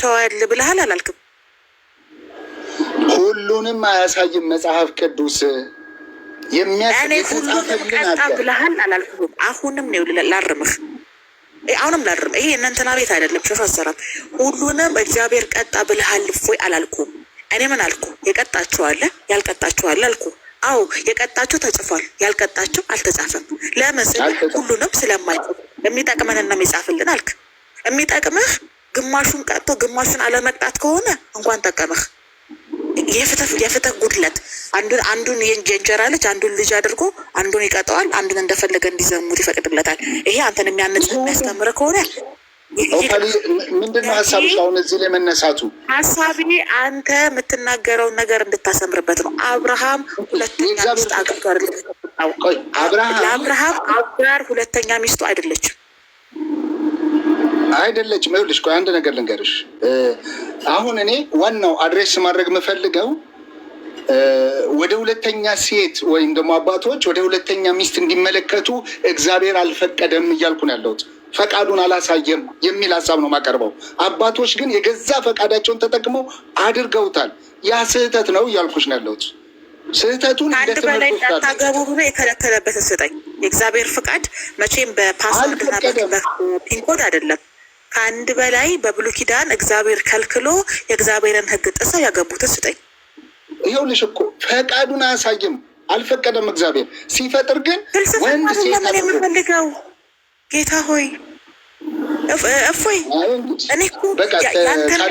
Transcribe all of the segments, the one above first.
ያሳያቸዋል ብለሃል አላልክም? ሁሉንም አያሳይም መጽሐፍ ቅዱስ እኔ ብለሃል አላልኩም። አሁንም ነው ላርምህ፣ አሁንም ላርም። ይሄ እናንተና ቤት አይደለም ሸፍ አሰራም። ሁሉንም እግዚአብሔር ቀጣ ብልሃል እፎይ አላልኩም። እኔ ምን አልኩ? የቀጣችኋለ ያልቀጣችኋለ አልኩ። አዎ የቀጣችሁ ተጽፏል፣ ያልቀጣችሁ አልተጻፈም። ለምን ስል ሁሉንም ስለማይጽፍ የሚጠቅመንና የሚጻፍልን አልክ። የሚጠቅምህ ግማሹን ቀጥቶ ግማሹን አለመቅጣት ከሆነ እንኳን ጠቀመህ። የፍትህ ጉድለት አንዱን አንዱን የእንጀራ ልጅ አንዱን ልጅ አድርጎ አንዱን ይቀጠዋል፣ አንዱን እንደፈለገ እንዲዘሙት ይፈቅድለታል። ይሄ አንተን የሚያነጽ የሚያስተምር ከሆነ ምንድነው ሀሳብ? አሁን እዚህ ላይ መነሳቱ ሀሳቢ አንተ የምትናገረውን ነገር እንድታሰምርበት ነው። አብርሃም ሁለተኛ ሚስት አጋር አብርሃም አጋር ሁለተኛ ሚስቱ አይደለችም። አይደለችም። ይኸውልሽ አንድ ነገር ልንገርሽ። አሁን እኔ ዋናው አድሬስ ማድረግ የምፈልገው ወደ ሁለተኛ ሴት ወይም ደግሞ አባቶች ወደ ሁለተኛ ሚስት እንዲመለከቱ እግዚአብሔር አልፈቀደም እያልኩ ነው ያለሁት። ፈቃዱን አላሳየም የሚል ሀሳብ ነው የማቀርበው። አባቶች ግን የገዛ ፈቃዳቸውን ተጠቅመው አድርገውታል። ያ ስህተት ነው እያልኩሽ ነው ያለሁት። ስህተቱን አንድ በላይ እንዳታገቡ ብሎ የከለከለበትን ስጠኝ። የእግዚአብሔር ፍቃድ መቼም በፓስወርድ ፒንኮድ አይደለም ከአንድ በላይ በብሉ ኪዳን እግዚአብሔር ከልክሎ የእግዚአብሔርን ሕግ ጥሰው ያገቡትን ስጠኝ። ይኸውልሽ እኮ ፈቃዱን አያሳይም፣ አልፈቀደም። እግዚአብሔር ሲፈጥር ግን ወንድ ምን የምንፈልገው ጌታ ሆይ እፎይ እኔ እኮ ያንተን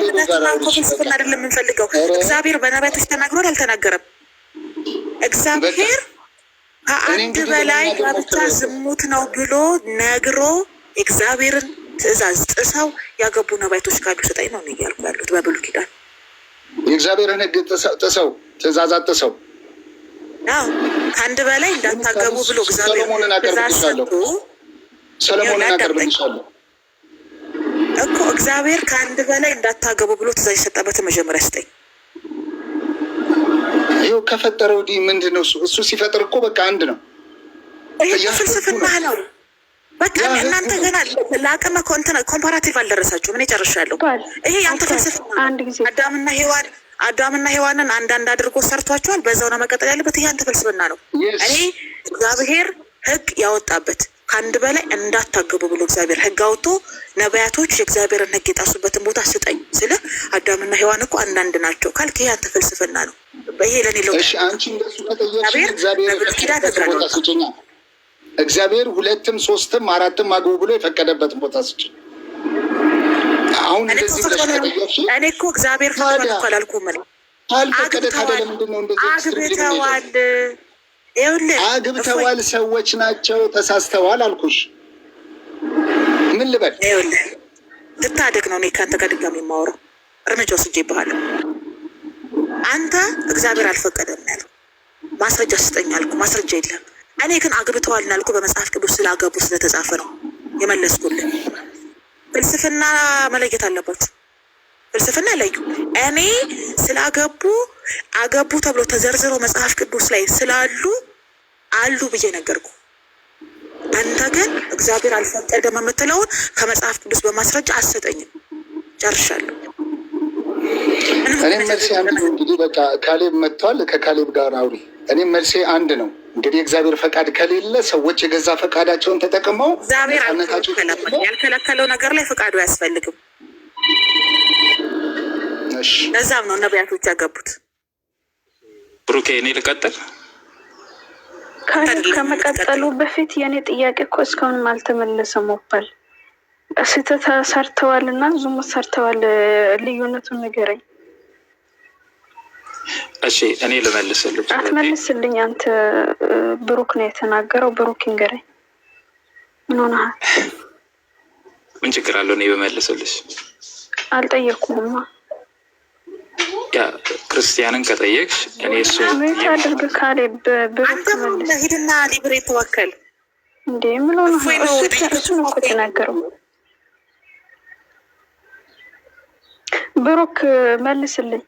ፍልስፍና አይደለም የምንፈልገው። እግዚአብሔር በነቢያቶች ተናግሯል፣ አልተናገረም። እግዚአብሔር ከአንድ በላይ ጋብቻ ዝሙት ነው ብሎ ነግሮ እግዚአብሔርን ትእዛዝ ጥሰው ያገቡ ነባይቶች ካሉ ስጠኝ ነው እያልኩ ያሉት በብሉይ ኪዳን የእግዚአብሔርን ሕግ ጥሰው ትእዛዛት ጥሰው ከአንድ በላይ እንዳታገቡ ብሎ እግዚአብሔር ትእዛዝ ሰለሞንን አቀርብልሻለሁ እኮ እግዚአብሔር ከአንድ በላይ እንዳታገቡ ብሎ ትእዛዝ የሰጠበትን መጀመሪያ ስጠኝ። ይኸው ከፈጠረው ዲ ምንድን ነው እሱ ሲፈጥር እኮ በቃ አንድ ነው። ይህ ፍልስፍና ነው። በቃ እናንተ ገና ለአቅመ ኮንትነ ኮምፓራቲቭ አልደረሳችሁም። እኔ ጨርሻለሁ። ይሄ ያንተ ፍልስፍና አዳምና ሔዋን አዳምና ሔዋንን አንዳንድ አድርጎ ሰርቷቸዋል። በዛው ነው መቀጠል ያለበት። ይሄ አንተ ፍልስፍና ነው። እኔ እግዚአብሔር ህግ ያወጣበት ከአንድ በላይ እንዳታገቡ ብሎ እግዚአብሔር ህግ አውጥቶ ነቢያቶች የእግዚአብሔርን ህግ የጣሱበትን ቦታ ስጠኝ ስለ አዳምና ሔዋን እኮ አንዳንድ ናቸው ካልክ ይሄ አንተ ፍልስፍና ነው። ይሄ ለኔ ለው እግዚአብሔር ነብር ኪዳን እግዚአብሔር ሁለትም ሶስትም አራትም አግቡ ብሎ የፈቀደበትን ቦታ ስጭ። አሁን እንደዚህ እኔ እኮ እግዚአብሔር ፈቅዷል እኮ አላልኩም። አግብተዋል አግብተዋል ሰዎች ናቸው ተሳስተዋል አልኩሽ። ምን ልበል? ልታደግ ነው። እኔ ከአንተ ጋር ድጋሚ የማወራው እርምጃ ወስጄ ይባሃል። አንተ እግዚአብሔር አልፈቀደም ያልኩ ማስረጃ ስጠኝ አልኩ። ማስረጃ የለም እኔ ግን አግብተዋል እናልኩ በመጽሐፍ ቅዱስ ስላገቡ ስለተጻፈ ነው የመለስኩልን። ፍልስፍና መለየት አለባችሁ። ፍልስፍና ለዩ። እኔ ስላገቡ አገቡ ተብሎ ተዘርዝሮ መጽሐፍ ቅዱስ ላይ ስላሉ አሉ ብዬ ነገርኩ። አንተ ግን እግዚአብሔር አልፈቀደም የምትለውን ከመጽሐፍ ቅዱስ በማስረጃ አሰጠኝም። ጨርሻለሁ። እኔም መልሴ አንድ ነው። እንግዲህ በቃ ካሌብ መጥቷል። ከካሌብ ጋር አውሪ። እኔም መልሴ አንድ ነው። እንግዲህ እግዚአብሔር ፈቃድ ከሌለ ሰዎች የገዛ ፈቃዳቸውን ተጠቅመው ያልከለከለው ነገር ላይ ፈቃዱ አያስፈልግም። ለዛም ነው ነቢያቶች ያገቡት። ብሩኬ፣ እኔ ልቀጥል። ከመቀጠሉ በፊት የእኔ ጥያቄ እኮ እስካሁንም አልተመለሰም። ሞባል ስህተት ሰርተዋል እና ዝሙት ሰርተዋል፣ ልዩነቱን ንገረኝ። እሺ እኔ ልመልስልኝ። አትመልስልኝ አንተ ብሩክ ነው የተናገረው። ብሩክ ይንገረኝ። ምን ሆነሃል? ምን ችግር አለው እኔ በመልስልሽ? አልጠየቅኩህማ። ያ ክርስቲያንን ከጠየቅሽ እኔ እሱ ምን አድርግ ካሌ ብሩክ ሂድና ሊብሬ ተወከል እንዴ ምን ሆነሃል? እሱ ነው የተናገረው። ብሩክ መልስልኝ።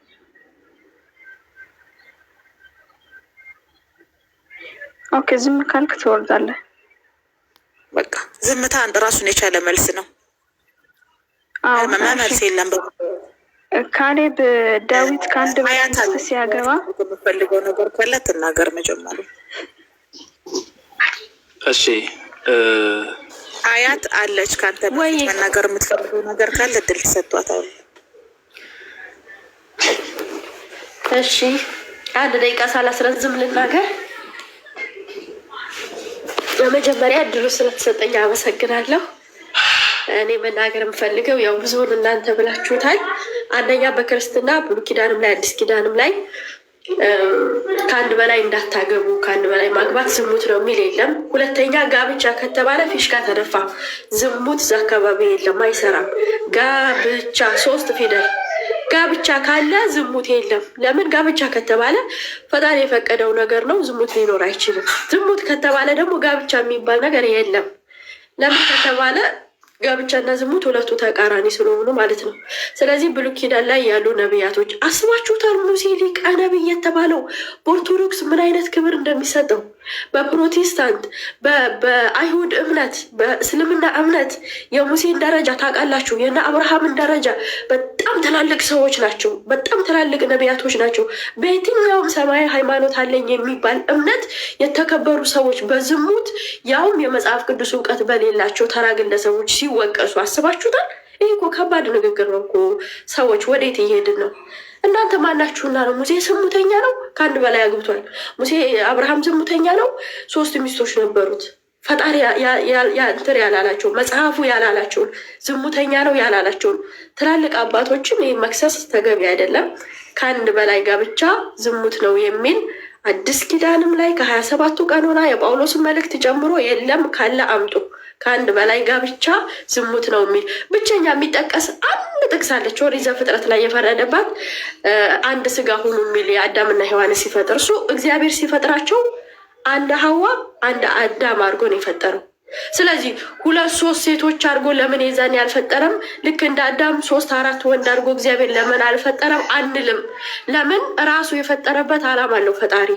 ኦኬ፣ ዝም ካልክ ትወርዳለህ። በቃ ዝምታ አንድ ራሱን የቻለ መልስ ነው። መልስ የለም። ካሌብ ዳዊት ከአንድ በላይ ሲያገባ የምፈልገው ነገር ካለ ትናገር። መጀመሪያ እሺ፣ አያት አለች። ከአንተ መናገር የምትፈልገው ነገር ካለ እድል ተሰጥቷታል። እሺ፣ አንድ ደቂቃ ሳላስረዝም ልናገር በመጀመሪያ እድሉ ስለተሰጠኝ አመሰግናለሁ። እኔ መናገር የምፈልገው ያው ብዙውን እናንተ ብላችሁታል። አንደኛ በክርስትና ብሉይ ኪዳንም ላይ አዲስ ኪዳንም ላይ ከአንድ በላይ እንዳታገቡ ከአንድ በላይ ማግባት ዝሙት ነው የሚል የለም። ሁለተኛ ጋብቻ ከተባለ ፊሽካ ተደፋ። ዝሙት እዛ አካባቢ የለም፣ አይሰራም። ጋብቻ ሶስት ፊደል ጋብቻ ካለ ዝሙት የለም። ለምን ጋብቻ ከተባለ ፈጣሪ የፈቀደው ነገር ነው። ዝሙት ሊኖር አይችልም። ዝሙት ከተባለ ደግሞ ጋብቻ የሚባል ነገር የለም። ለምን ከተባለ ጋብቻና ዝሙት ሁለቱ ተቃራኒ ስለሆኑ ማለት ነው። ስለዚህ ብሉይ ኪዳን ላይ ያሉ ነቢያቶች አስባችሁታል? ሙሴ ሊቀ ነቢይ የተባለው በኦርቶዶክስ ምን አይነት ክብር እንደሚሰጠው በፕሮቴስታንት በአይሁድ እምነት በእስልምና እምነት የሙሴን ደረጃ ታውቃላችሁ። የነ አብርሃምን ደረጃ በጣም ትላልቅ ሰዎች ናቸው። በጣም ትላልቅ ነቢያቶች ናቸው። በየትኛውም ሰማያዊ ሃይማኖት አለኝ የሚባል እምነት የተከበሩ ሰዎች በዝሙት ያውም የመጽሐፍ ቅዱስ እውቀት በሌላቸው ተራ ግለሰቦች ሲወቀሱ አስባችሁታል? ይህ እኮ ከባድ ንግግር ነው እኮ። ሰዎች ወዴት እየሄድን ነው? እናንተ ማናችሁና ነው? ሙሴ ዝሙተኛ ነው፣ ከአንድ በላይ አግብቷል። ሙሴ አብርሃም ዝሙተኛ ነው፣ ሶስት ሚስቶች ነበሩት። ፈጣሪ እንትን ያላላቸውን መጽሐፉ ያላላቸውን ዝሙተኛ ነው ያላላቸውን ትላልቅ አባቶችን ይህ መክሰስ ተገቢ አይደለም። ከአንድ በላይ ጋብቻ ዝሙት ነው የሚል አዲስ ኪዳንም ላይ ከሀያ ሰባቱ ቀኖና የጳውሎስን መልእክት ጨምሮ የለም ካለ አምጡ። ከአንድ በላይ ጋብቻ ዝሙት ነው የሚል ብቸኛ የሚጠቀስ አንድ ጥቅስ አለች። ኦሪት ዘፍጥረት ላይ የፈረደባት አንድ ስጋ ሁኑ የሚል የአዳምና ሔዋን ሲፈጥር እሱ እግዚአብሔር ሲፈጥራቸው አንድ ሀዋ አንድ አዳም አድርጎ ነው የፈጠረው። ስለዚህ ሁለት ሶስት ሴቶች አድርጎ ለምን የዛኔ አልፈጠረም? ልክ እንደ አዳም ሶስት አራት ወንድ አድርጎ እግዚአብሔር ለምን አልፈጠረም አንልም። ለምን ራሱ የፈጠረበት ዓላማ አለው ፈጣሪ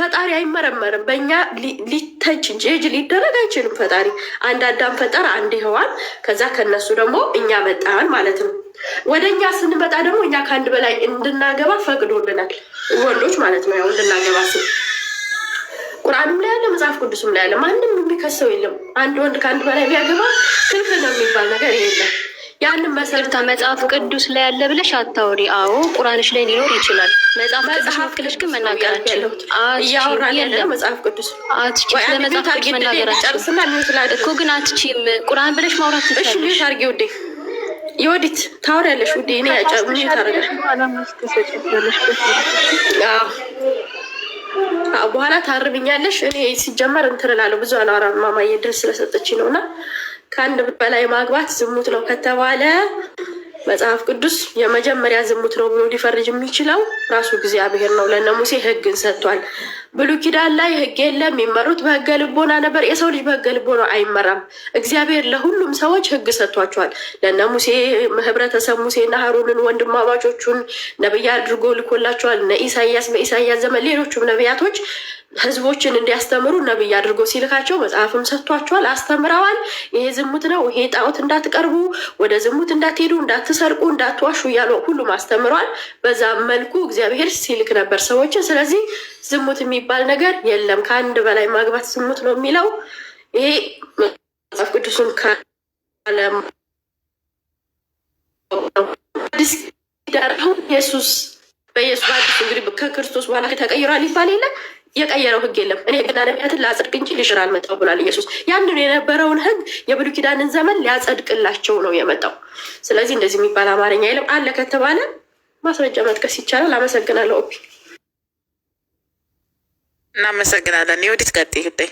ፈጣሪ አይመረመርም። በእኛ ሊተች ጅ ሊደረግ አይችልም። ፈጣሪ አንድ አዳም ፈጠር፣ አንድ ሔዋን፣ ከዛ ከነሱ ደግሞ እኛ መጣን ማለት ነው። ወደ እኛ ስንመጣ ደግሞ እኛ ከአንድ በላይ እንድናገባ ፈቅዶልናል፣ ወንዶች ማለት ነው። ያው እንድናገባ ስ ቁርአንም ላይ ያለ መጽሐፍ ቅዱስም ላይ ያለ ማንም የሚከሰው የለም። አንድ ወንድ ከአንድ በላይ ቢያገባ ክልክል ነው የሚባል ነገር የለም። ያንን መሰረት መጽሐፍ ቅዱስ ላይ ያለ ብለሽ አታውሪ። አዎ ቁራንሽ ላይ ሊኖር ይችላል። መጽሐፍ ቅዱስ ግን መናገር አችልም። መጽሐፍ ቅዱስ እኮ ግን አትችም። ቁራን ብለሽ ማውራት ትችላለሽ። አርጌ ውዴ የወዲት ታወሪያለሽ ውዴ እኔ በኋላ ታርብኛለሽ። እኔ ሲጀመር እንትን እላለሁ ብዙ አላወራም። ማማዬ ድረስ ስለሰጠች ነው እና ከአንድ በላይ ማግባት ዝሙት ነው ከተባለ መጽሐፍ ቅዱስ የመጀመሪያ ዝሙት ነው ብሎ ሊፈርጅ የሚችለው ራሱ እግዚአብሔር ነው። ለነ ሙሴ ህግን ሰጥቷል። ብሉ ኪዳን ላይ ህግ የለም። የሚመሩት በህገ ልቦና ነበር። የሰው ልጅ በሕገ ልቦና አይመራም። እግዚአብሔር ለሁሉም ሰዎች ህግ ሰጥቷቸዋል። ለነ ሙሴ ህብረተሰብ ሙሴና ሀሩንን ወንድማማቾቹን ነብያ አድርጎ ልኮላቸዋል። እነ ኢሳያስ በኢሳያስ ዘመን ሌሎቹም ነቢያቶች ህዝቦችን እንዲያስተምሩ ነብይ አድርጎ ሲልካቸው መጽሐፍም ሰጥቷቸዋል፣ አስተምረዋል። ይሄ ዝሙት ነው፣ ይሄ ጣዖት እንዳትቀርቡ፣ ወደ ዝሙት እንዳትሄዱ፣ እንዳት እንዳትሰርቁ እንዳትዋሹ እያሉ ሁሉም አስተምሯል። በዛ መልኩ እግዚአብሔር ሲልክ ነበር ሰዎችን። ስለዚህ ዝሙት የሚባል ነገር የለም። ከአንድ በላይ ማግባት ዝሙት ነው የሚለው ይሄ መጽሐፍ ቅዱሱን ካለም አዲስ ኢየሱስ በኢየሱስ አዲስ እንግዲህ ከክርስቶስ በኋላ ተቀይሯል ይባል የለ የቀየረው ህግ የለም። እኔ ህግና ነቢያትን ላጸድቅ እንጂ ልሽር አልመጣው ብሏል ኢየሱስ። ያንን የነበረውን ህግ የብሉይ ኪዳንን ዘመን ሊያጸድቅላቸው ነው የመጣው። ስለዚህ እንደዚህ የሚባል አማርኛ የለም። አለ ከተባለ ማስረጃ መጥቀስ ይቻላል። አመሰግናለሁ። ኦፒ እናመሰግናለን። የወዲት ቀጤ ጉዳይ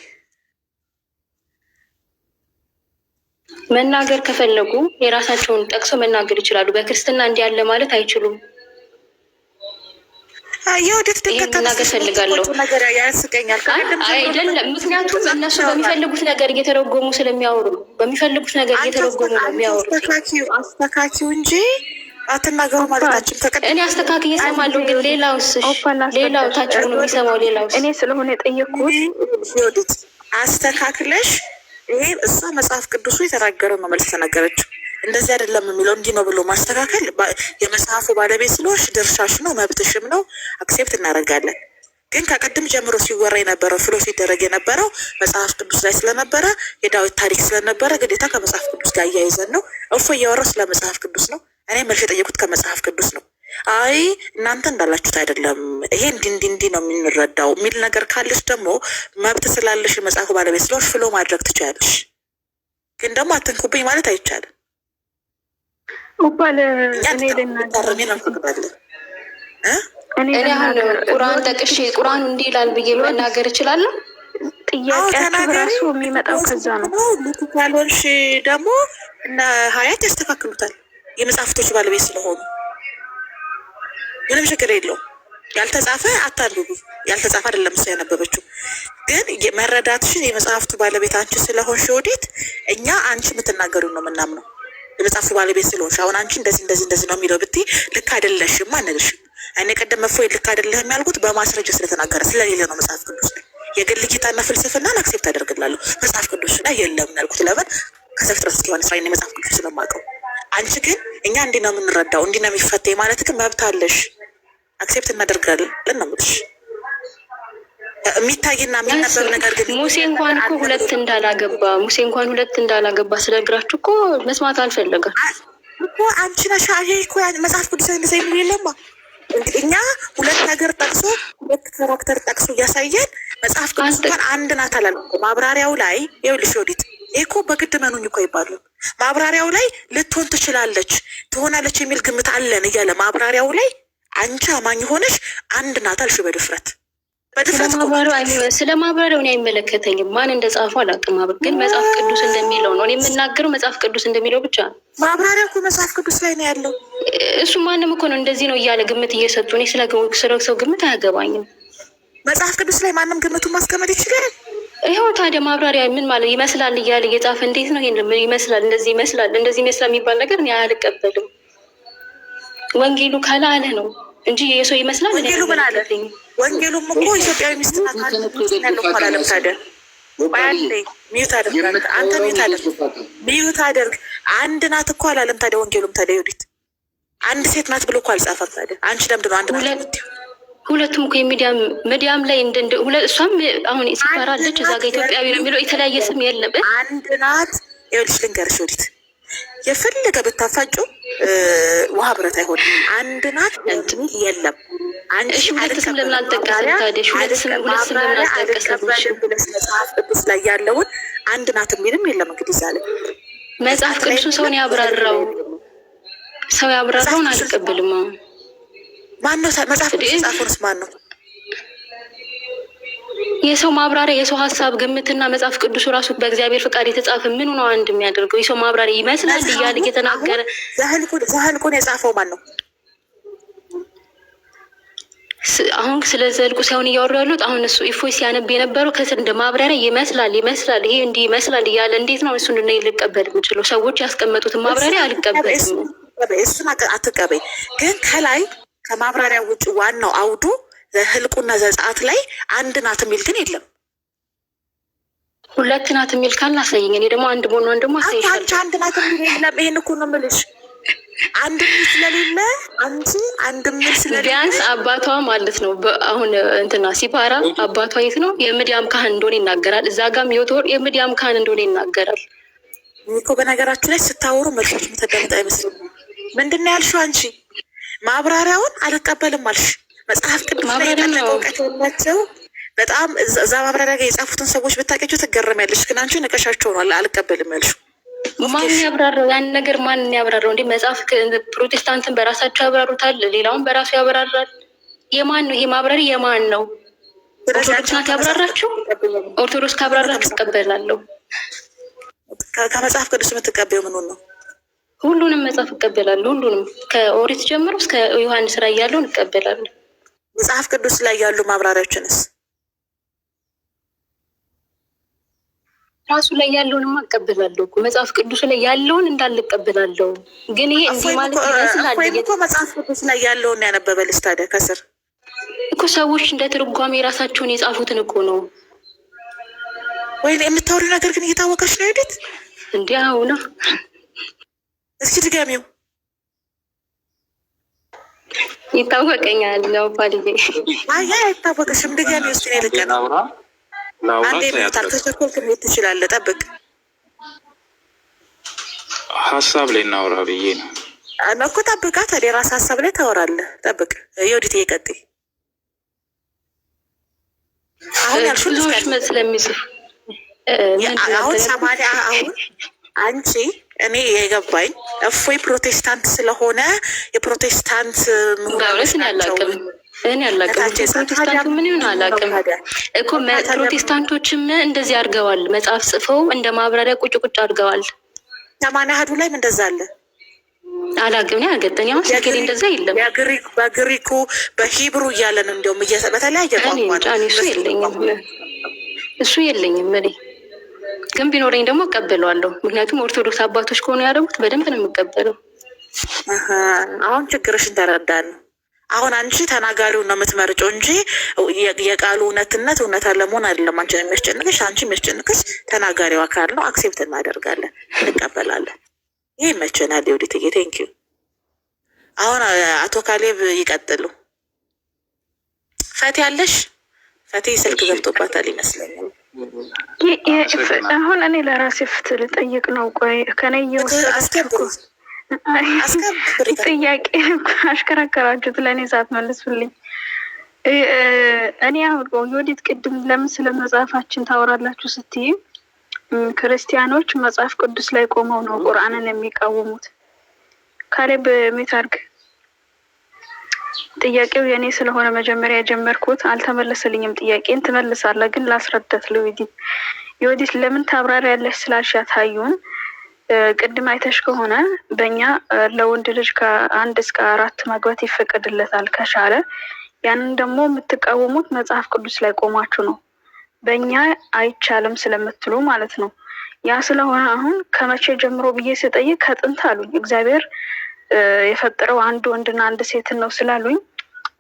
መናገር ከፈለጉ የራሳቸውን ጠቅሰው መናገር ይችላሉ። በክርስትና እንዲህ ማለት አይችሉም። የወደት ድንገትናገር ፈልጋለሁ ነገር ያስገኛል። አይደለም ምክንያቱም እነሱ በሚፈልጉት ነገር እየተረጎሙ ስለሚያወሩ በሚፈልጉት ነገር እየተረጎሙ ነው የሚያወሩ። አስተካኪው እንጂ አትናገሩ ማለታችን ተቀ እኔ አስተካክ እየሰማለሁ፣ ግን ሌላውስ ሌላው ታች ነው የሚሰማው። ሌላውስ እኔ ስለሆነ የጠየቅኩት ወደት አስተካክለሽ ይሄ እሷ መጽሐፍ ቅዱሱ የተናገረው ነው መልስ ተናገረችው እንደዚህ አይደለም የሚለው እንዲህ ነው ብሎ ማስተካከል የመጽሐፉ ባለቤት ስለሆንሽ ድርሻሽ ነው መብትሽም ነው፣ አክሴፕት እናደርጋለን። ግን ከቅድም ጀምሮ ሲወራ የነበረው ፍሎ ሲደረግ የነበረው መጽሐፍ ቅዱስ ላይ ስለነበረ የዳዊት ታሪክ ስለነበረ ግዴታ ከመጽሐፍ ቅዱስ ጋር እያይዘን ነው። እፎ እያወራው ስለ መጽሐፍ ቅዱስ ነው። እኔ መልሽ የጠየቁት ከመጽሐፍ ቅዱስ ነው። አይ እናንተ እንዳላችሁት አይደለም፣ ይሄ እንዲህ እንዲህ እንዲህ ነው የምንረዳው የሚል ነገር ካለሽ ደግሞ መብት ስላለሽ መጽሐፉ ባለቤት ስለሆንሽ ፍሎ ማድረግ ትችላለሽ። ግን ደግሞ አትንኩብኝ ማለት አይቻልም። እኔ አሁን ቁርአን ጠቅሼ ቁርአን እንዲህ ይላል ብዬ መናገር እችላለሁ። ጥያቄያቸው ራሱ የሚመጣው ከዛ ነው። ካልሆንሽ ደግሞ እና ሀያት ያስተካክሉታል። የመጽሐፍቶች ባለቤት ስለሆኑ ምንም ችግር የለውም። ያልተጻፈ አታንብቡ። ያልተጻፈ አይደለም እሷ ያነበበችው። ግን መረዳትሽን የመጽሐፍቱ ባለቤት አንቺ ስለሆንሽ እኛ አንቺ የምትናገሩ ነው ምናምነው የመጽሐፉ ባለቤት ስለሆንሽ አሁን አንቺ እንደዚህ እንደዚህ እንደዚህ ነው የሚለው ብትይ ልክ አይደለሽም አንልሽም። እኔ ቀደም እፎይ ልክ አይደለህ ያልኩት በማስረጃ ስለተናገረ ስለሌለ ነው። መጽሐፍ ቅዱስ ላይ የግል ጌታና ፍልስፍና አክሴፕት አደርግላለሁ። መጽሐፍ ቅዱስ ላይ የለም ያልኩት ለምን ከዘፍጥረት እስኪሆን ስራ የመጽሐፍ ቅዱስ ስለማውቀው። አንቺ ግን እኛ እንዲህ ነው የምንረዳው እንዲህ ነው የሚፈታ ማለት ግን መብት አለሽ፣ አክሴፕት እናደርጋለን ነው የምልሽ። የሚታይና የሚነበብ ነገር ግን ሙሴ እንኳን እኮ ሁለት እንዳላገባ ሙሴ እንኳን ሁለት እንዳላገባ ስነግራችሁ እኮ መስማት አልፈለገም እኮ አንቺ ነሽ። ይሄ እኮ መጽሐፍ ቅዱስ እንደዚ የሚል የለማ። እኛ ሁለት ነገር ጠቅሶ ሁለት ካራክተር ጠቅሶ እያሳየን መጽሐፍ ቅዱስ እንኳን አንድ ናት አላለም። ማብራሪያው ላይ ይኸውልሽ ወዲት ይህ እኮ በግድ መኑኝ እኮ ይባሉ ማብራሪያው ላይ ልትሆን ትችላለች ትሆናለች የሚል ግምት አለን እያለ ማብራሪያው ላይ አንቺ አማኝ ሆነሽ አንድ ናት አልሽ በድፍረት ስለ ማብራሪያው እኔ አይመለከተኝም። ማን እንደ ጻፉ አላውቅም። አብር ግን መጽሐፍ ቅዱስ እንደሚለው ነው እኔ የምናገረው፣ መጽሐፍ ቅዱስ እንደሚለው ብቻ ነው። ማብራሪያ እኮ መጽሐፍ ቅዱስ ላይ ነው ያለው። እሱ ማንም እኮ ነው እንደዚህ ነው እያለ ግምት እየሰጡ፣ እኔ ስለ ሰው ግምት አያገባኝም። መጽሐፍ ቅዱስ ላይ ማንም ግምቱን ማስቀመጥ ይችላል። ይኸው ታዲያ ማብራሪያ ምን ማለት ይመስላል እያለ እየጻፈ እንዴት ነው ይሄን ይመስላል፣ እንደዚህ ይመስላል፣ እንደዚህ ይመስላል የሚባል ነገር እኔ አልቀበልም። ወንጌሉ ካለ አለ ነው እንጂ የሰው ይመስላል ወንጌሉ ምን አለ ወንጌሉም እኮ ኢትዮጵያዊ ሚስት ናት ያለው እኮ አላለም። ታዲያ ሚዩት አደርግ አንተ ሚዩት አደርግ ሚዩት አደርግ አንድ ናት እኮ አላለም። ታዲያ ወንጌሉም ታዲያ ዩዲት አንድ ሴት ናት ብሎ እኮ አልጻፈም። ታዲያ አንቺ ለምንድን ነው አንድ ናት? ሁለቱም እኮ የሚዲያም ሚዲያም ላይ እንደ እሷም አሁን ሲፈራለች እዛ ጋ ኢትዮጵያዊ ነው የሚለው የተለያየ ስም የለም። አንድ ናት ይኸውልሽ ልንገርሽ ወዲት የፈለገ ብታፋጩ ውሃ ብረት አይሆንም። አንድ ናት እንትን የለም። ቅዱስ ላይ ያለውን አንድ ናት የሚልም የለም። እንግዲህ ዛለ መጽሐፍ ቅዱሱ ሰውን ያብራራው ሰው ያብራራውን አልቀበልም። ማን ነው መጽሐፍ ቅዱስ ጻፎንስ ማን ነው? የሰው ማብራሪያ የሰው ሀሳብ ግምትና መጽሐፍ ቅዱሱ ራሱ በእግዚአብሔር ፍቃድ የተጻፈ ምን ነው አንድ የሚያደርገው የሰው ማብራሪያ ይመስላል እያለ እየተናገረ ዘህልቁን የጻፈው ማን ነው? አሁን ስለ ዘልቁ ሳይሆን እያወሩ ያሉት አሁን እሱ ኢፎይ ሲያነብ የነበረው ከስር እንደ ማብራሪያ ይመስላል ይመስላል ይሄ እንዲህ ይመስላል እያለ እንዴት ነው እሱ እንድና ልቀበል የምችለው? ሰዎች ያስቀመጡትን ማብራሪያ አልቀበልም። እሱን አትቀበይ፣ ግን ከላይ ከማብራሪያ ውጭ ዋናው አውዱ ህልቁና ዘጸአት ላይ አንድ ናት የሚል ግን የለም። ሁለት ናት የሚል ካልን አሳይኝ። እኔ ደግሞ አንድ መሆኗን ደግሞ አንቺ አንድ ናት የሚል የለም። ይሄን እኮ ነው የምልሽ። አንድ ሚል ስለሌለ አንቺ አንድ ሚል ስለሌለ ቢያንስ አባቷ ማለት ነው። አሁን እንትና ሲፓራ አባቷ የት ነው የምድያም ካህን እንደሆነ ይናገራል። እዛ ጋም የወትወር የምድያም ካህን እንደሆነ ይናገራል። እኮ በነገራችሁ ላይ ስታወሩ መልሶች መተቀምጥ አይመስልም። ምንድን ነው ያልሽው አንቺ? ማብራሪያውን አልቀበልም አልሽ። መጽሐፍ ቅዱስ ላይ እውቀት የላቸው በጣም እዛ ማብራሪያ ጋር የጻፉትን ሰዎች ብታውቂያቸው ትገረሚያለሽ። ግን አንቺ ንቀሻቸው ነው አልቀበልም ያልሽ ማን ያብራራው ያን ነገር? ማን ያብራራው? እንደ መጽሐፍ ፕሮቴስታንትን በራሳቸው ያብራሩታል፣ ሌላውን በራሱ ያብራራል። የማን ነው ይሄ ማብራሪ? የማን ነው? ኦርቶዶክስ ናት ያብራራቸው። ኦርቶዶክስ ካብራራችሁ እቀበላለሁ። ከመጽሐፍ ቅዱስ የምትቀበዩ ምኑን ነው? ሁሉንም መጽሐፍ እቀበላለሁ። ሁሉንም ከኦሪት ጀምሮ እስከ ዮሐንስ ራዕይ ያለውን እቀበላለሁ። መጽሐፍ ቅዱስ ላይ ያሉ ማብራሪያዎችንስ ራሱ ላይ ያለውን ማቀበላለሁ እኮ መጽሐፍ ቅዱስ ላይ ያለውን እንዳልቀበላለሁ ግን ይሄ እንዲህ ማለት ይመስላል። መጽሐፍ ቅዱስ ላይ ያለውን ያነበበልሽ ታዲያ ከስር እኮ ሰዎች እንደ ትርጓሜ ራሳቸውን የጻፉትን እኮ ነው ወይ የምታወሪው ነገር ግን እየታወቀች ነው ሄደት እንዲህ አሁና እስኪ ድጋሚው ይታወቀኛል ነው ባልዬ። አይ አይታወቅሽም። ድጋሚ ውስጥ ነው ልቀጥ አንዴ ሚታል ተቸኮልክ ሜት ትችላለህ። ጠብቅ ሀሳብ ላይ እናውራ ብዬ ነው እኮ። ጠብቃ ታዲያ ራስ ሀሳብ ላይ ታወራለህ። ጠብቅ የወዲት እየቀጥይ አሁን ያልሽሎች መስለሚጽፍ አሁን ሰማንያ አሁን አንቺ እኔ የገባኝ እፎይ ፕሮቴስታንት ስለሆነ የፕሮቴስታንት እኔ አላቅም ፕሮቴስታንቱ ምን ይሁን አላቅም እኮ ፕሮቴስታንቶችም እንደዚህ አድርገዋል። መጽሐፍ ጽፈው እንደ ማብራሪያ ቁጭ ቁጭ አድርገዋል። ሰማንያ አሐዱ ላይም እንደዛ አለ። አላቅም ነው ያገጠኝ አሁን ስልኬ እንደዛ የለም። በግሪኩ በሂብሩ እያለን እንዲሁም በተለያየ ቋንቋ እሱ የለኝም እሱ የለኝም እኔ ግን ቢኖረኝ ደግሞ እቀበለዋለሁ። ምክንያቱም ኦርቶዶክስ አባቶች ከሆኑ ያደረጉት በደንብ ነው የምቀበለው። አሁን ችግርሽ ተረዳለሁ። አሁን አንቺ ተናጋሪውን ነው የምትመርጨው እንጂ የቃሉ እውነትነት እውነት አለመሆን አይደለም አንቺን የሚያስጨንቅሽ። አንቺ የሚያስጨንቅሽ ተናጋሪው አካል ነው። አክሴፕት እናደርጋለን፣ እንቀበላለን። ይህ ይመቸናል። የውዲትዬ ቴንኪዩ። አሁን አቶ ካሌብ ይቀጥሉ። ፈቴ አለሽ? ፈቴ ስልክ ገብቶባታል ይመስለኛል። አሁን እኔ ለራሴ ፍትህ ልጠይቅ ነው። ቆይ ከኔ ጥያቄ አሽከረከራችሁት ለእኔ ሳትመልሱልኝ እኔ አሁን የወዲት ቅድም ለምን ስለ መጽሐፋችን ታወራላችሁ ስትይ ክርስቲያኖች መጽሐፍ ቅዱስ ላይ ቆመው ነው ቁርአንን የሚቃወሙት። ካሌብ ሜታርግ ጥያቄው የእኔ ስለሆነ መጀመሪያ የጀመርኩት አልተመለሰልኝም። ጥያቄን ትመልሳለ፣ ግን ላስረዳት ለዮዲት ዮዲት ለምን ያለች ስላልሻት ሀዩን ቅድም አይተሽ ከሆነ በእኛ ለወንድ ልጅ ከአንድ እስከ አራት ማግባት ይፈቀድለታል ከቻለ። ያንን ደግሞ የምትቃወሙት መጽሐፍ ቅዱስ ላይ ቆማችሁ ነው፣ በእኛ አይቻልም ስለምትሉ ማለት ነው። ያ ስለሆነ አሁን ከመቼ ጀምሮ ብዬ ስጠይቅ ከጥንት አሉኝ። እግዚአብሔር የፈጠረው አንድ ወንድና አንድ ሴትን ነው ስላሉኝ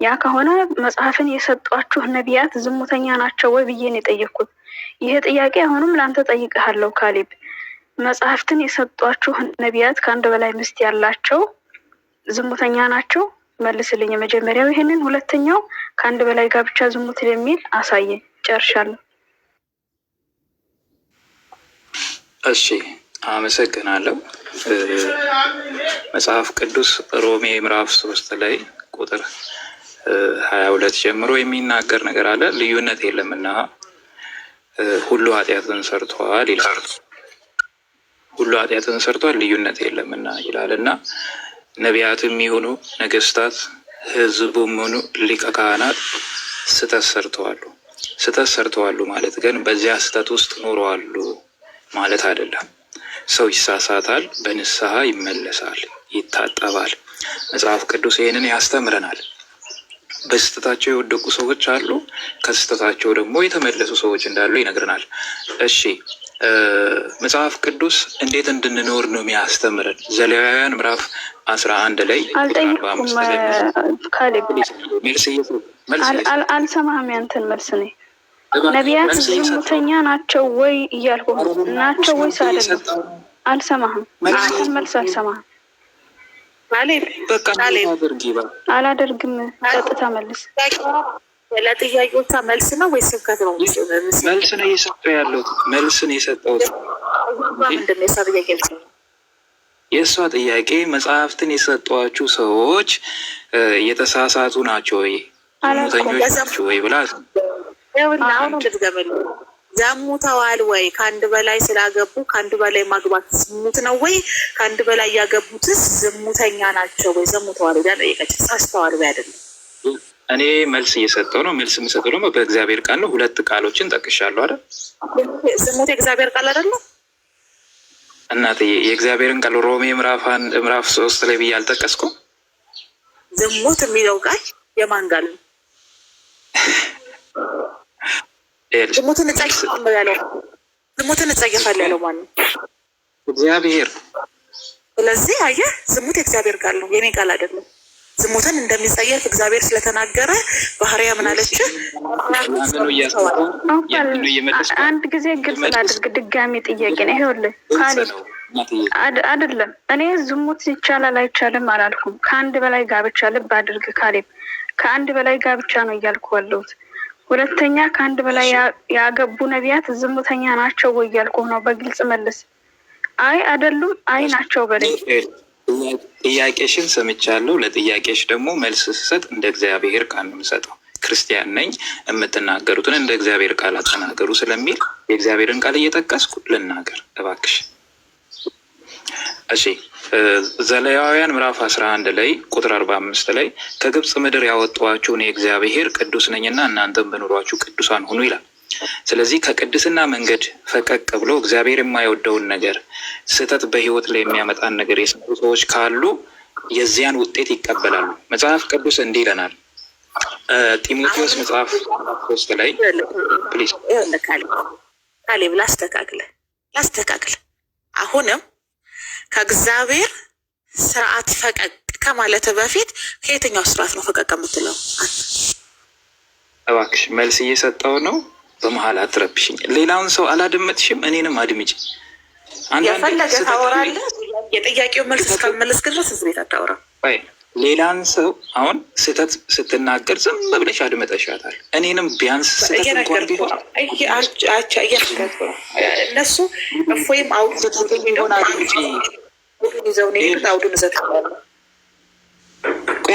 ያ ከሆነ መጽሐፍን የሰጧችሁ ነቢያት ዝሙተኛ ናቸው ወይ ብዬን የጠየቅኩት። ይሄ ጥያቄ አሁንም ለአንተ ጠይቅሃለሁ ካሊብ መጽሐፍትን የሰጧችሁ ነቢያት ከአንድ በላይ ምስት ያላቸው ዝሙተኛ ናቸው? መልስልኝ። የመጀመሪያው ይህንን፣ ሁለተኛው ከአንድ በላይ ጋብቻ ዝሙት የሚል አሳየ። ጨርሻለሁ። እሺ አመሰግናለሁ። መጽሐፍ ቅዱስ ሮሜ ምዕራፍ ሶስት ላይ ቁጥር ሀያ ሁለት ጀምሮ የሚናገር ነገር አለ። ልዩነት የለምና ሁሉ ኃጢአትን ሰርተዋል ይላል። ሁሉ ኃጢአትን ሰርተዋል ልዩነት የለምና ይላል እና ነቢያትም የሆኑ ነገስታት፣ ህዝቡም ሆኑ ሊቀ ካህናት ስህተት ሰርተዋሉ። ስህተት ሰርተዋሉ ማለት ግን በዚያ ስህተት ውስጥ ኖረዋሉ ማለት አይደለም። ሰው ይሳሳታል፣ በንስሐ ይመለሳል፣ ይታጠባል። መጽሐፍ ቅዱስ ይህንን ያስተምረናል። በስህተታቸው የወደቁ ሰዎች አሉ፣ ከስህተታቸው ደግሞ የተመለሱ ሰዎች እንዳሉ ይነግረናል። እሺ መጽሐፍ ቅዱስ እንዴት እንድንኖር ነው የሚያስተምረን? ዘሌዋውያን ምዕራፍ አስራ አንድ ላይ አልጠይቁም። ካሌብ መልስ አልሰማህም። ያንተን መልስ ነው ነቢያት ዝሙተኛ ናቸው ወይ እያልኩ ናቸው ወይስ አይደለም? አልሰማህም። አንተን መልስ አልሰማህም። አላደርግም። ቀጥታ መልስ። ለጥያቄዎቿ መልስ ነው ወይ ስብከት ነው? መልስ ነው እየሰጠሁ ያለሁት። መልስ ነው የሰጠሁት። የእሷ ጥያቄ መጽሐፍትን የሰጧችሁ ሰዎች የተሳሳቱ ናቸው ወይ ሙተኞች ናቸው ወይ ብላ ዘሙተዋል ወይ? ከአንድ በላይ ስላገቡ ከአንድ በላይ ማግባት ዝሙት ነው ወይ? ከአንድ በላይ ያገቡትስ ዝሙተኛ ናቸው ወይ? ዘሙተዋል ወይ? ጠየቀች። ሳስተዋል ወይ አይደለም። እኔ መልስ እየሰጠው ነው። መልስ የምሰጠው ደግሞ በእግዚአብሔር ቃል ነው። ሁለት ቃሎችን ጠቅሻለሁ አይደል? ዝሙት የእግዚአብሔር ቃል አይደለም እናትዬ። የእግዚአብሔርን ቃል ሮሜ ምዕራፍ አንድ ምዕራፍ ሶስት ላይ ብዬ አልጠቀስኩም? ዝሙት የሚለው ቃል የማን ቃል ነው? ዝሙትን እጸየፋለሁ ያለው ዝሙትን እጸየፋለሁ ያለው እግዚአብሔር። ስለዚህ አየህ ዝሙት የእግዚአብሔር ቃል ነው፣ የኔ ቃል አይደለም። ዝሙትን እንደሚጸየፍ እግዚአብሔር ስለተናገረ ባህሪያ ምን አለች? አንድ ጊዜ ግልጽ ላድርግ፣ ድጋሚ ጥያቄ ነው። ይኸውልህ ካሌብ አይደለም እኔ ዝሙት ይቻላል አይቻልም አላልኩም። ከአንድ በላይ ጋብቻ ልብ አድርግ ካሌብ፣ ከአንድ በላይ ጋብቻ ነው እያልኩ ያለሁት ሁለተኛ ከአንድ በላይ ያገቡ ነቢያት ዝሙተኛ ናቸው ወይ እያልኩህ ነው። በግልጽ መልስ። አይ አይደሉም፣ አይ ናቸው በላይ ጥያቄሽን ሰምቻለሁ። ለጥያቄሽ ደግሞ መልስ ስሰጥ እንደ እግዚአብሔር ቃል ነው የምሰጠው። ክርስቲያን ነኝ፣ የምትናገሩትን እንደ እግዚአብሔር ቃል አተናገሩ ስለሚል የእግዚአብሔርን ቃል እየጠቀስኩ ልናገር እባክሽ። እሺ ዘሌዋውያን ምዕራፍ 11 ላይ ቁጥር 45 ላይ ከግብፅ ምድር ያወጣኋችሁ እኔ እግዚአብሔር ቅዱስ ነኝና እናንተም በኑሯችሁ ቅዱሳን ሁኑ ይላል። ስለዚህ ከቅድስና መንገድ ፈቀቅ ብሎ እግዚአብሔር የማይወደውን ነገር ስህተት በህይወት ላይ የሚያመጣን ነገር የሰሩ ሰዎች ካሉ የዚያን ውጤት ይቀበላሉ። መጽሐፍ ቅዱስ እንዲህ ይለናል። ጢሞቴዎስ መጽሐፍ ሶስት ላይ ፕሊዝ ላስተካክለ ላስተካክለ አሁንም ከእግዚአብሔር ስርዓት ፈቀቅ ከማለት በፊት ከየትኛው ስርዓት ነው ፈቀቅ የምትለው? እባክሽ መልስ እየሰጠው ነው። በመሀል አትረብሽኝ። ሌላውን ሰው አላደመጥሽም፣ እኔንም አድምጭ። የፈለገ ታወራለህ። የጥያቄው መልስ እስካልመለስክ ድረስ እዚህ ቤት አታወራም። ሌላን ሰው አሁን ስህተት ስትናገር ዝም ብለሽ አድመጠሻታል። እኔንም ቢያንስ ስህተት እንኳን ቢሆን እነሱ እፎይም አውዱን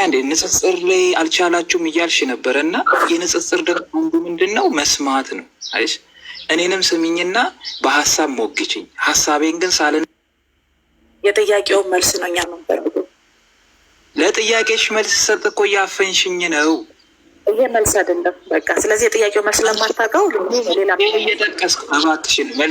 አንዴ ንጽጽር ላይ አልቻላችሁም እያልሽ ነበረ እና የንጽጽር ደግሞ አንዱ ምንድን ነው መስማት ነው። አይሽ እኔንም ስሚኝና በሀሳብ ሞግችኝ፣ ሀሳቤን ግን ሳልን የጥያቄውን መልስ ነው እኛ ነበር ለጥያቄሽ መልስ ሰጥ እኮ እያፈንሽኝ ነው። ይሄ መልስ አይደለም። በቃ ስለዚህ የጥያቄው መልስ ለማታውቀው ሌላ እየጠቀስኩ እባክሽን መልስ